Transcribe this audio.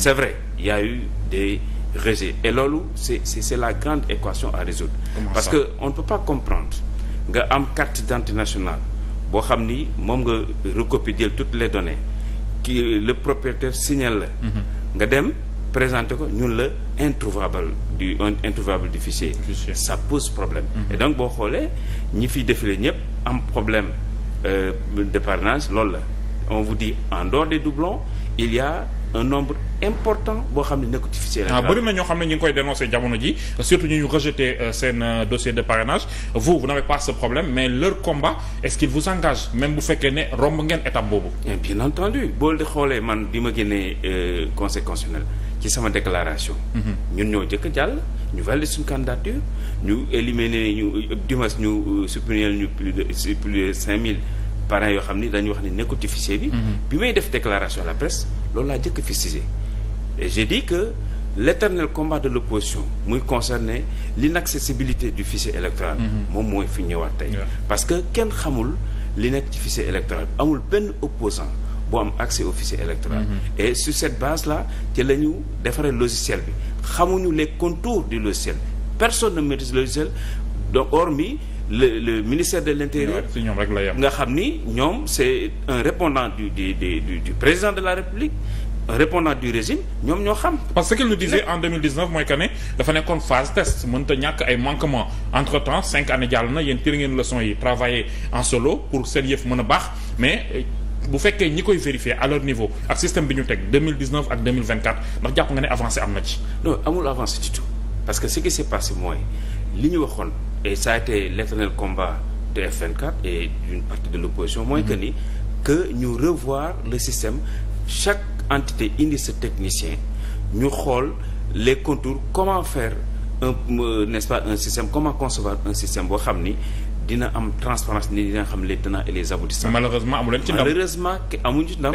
c'est vrai il y a eu des rejets e loolu c'est c'est la grande équation à résoudre parce ça? que on ne peut pas comprendre nga am carte d'identité boo xam ni moom nga recopier toutes les données qui le propriétaire signale la mhm. nga dem présenter ko ñun la introuvable du introuvable du fichier ça pose problème mm -hmm. et donc boo xoolee ñi fiy défilé ñëpp am problème euh, de parrainage loolu la on vous dit en dehors des doublons il y a un nombre important boo xam ne nekku ci fichier ah, na ñoo xam ne ñu ngi koy dénoncer jamono ji surtout ñu ñu euh, seen euh, dossier de parrainage vous vous n'avez pas ce problème mais leur combat est-ce qu'il vous engage même bu fekkee ne romb ngeen étape boobu. Eh bien entendu boo xoolee man bi ma génnee euh, conseil constitutionnel ci sama déclaration. Mhm. ñun ñoo jëkk jàll ñu valider suñu candidature ñu éliminer ñu dimanche ñu supprimer ñu plus de plus de mille parrains yoo xam ni dañu wax ne nekkul ci fichier mhm. bi. may def déclaration à la loolu laa jëkk fi cisé et j'ai dit que l'éternel combat de l'opposition muy concerné l'inaccessibilité du fichier électoral mm-hmm. moom mooy fi ñëwaat tey parce que kenn xamul li nekk ci fichier électoral amul benn opposant bu am accès au fichier électoral mm-hmm. et sur cette base la ci la ñu defaree logiciel bi xamuñu les contours du logiciel personne ne maîtrise le logiciel donc hormis le le ministère de l'intérieur nga xam ni ñoom c'est un répondant du du du président de la république un répondant du régime ñoom ñoo xam. parce que lu disait en 2019 mooy que ne dafa nekkoon phase test ñàkk ay manquements entre temps cinq années jàll na yéen tiré ngeen leçon yi travailler en solo pour seen yëf mën a baax mais. Euh, bu fekkee ñi koy vérifier à leur niveau ak système bi ñu teg 2019 ak 2024 ndax jàpp nga ne avancé am na ci. non amul avancé du tout parce que ce qui et ça a été l'éternel combat de F24 et d'une partie de l'opposition mooy que mm-hmm. ni que ñu revoir le système chaque entité indi sa technicien ñu xool les contours comment faire un euh, n'est-ce pas un système comment concevoir un système boo xam ni dina am transparence ni dina xam les tenants et les aboutissants malheureusement amu leen ci ndam malheureusement amuñu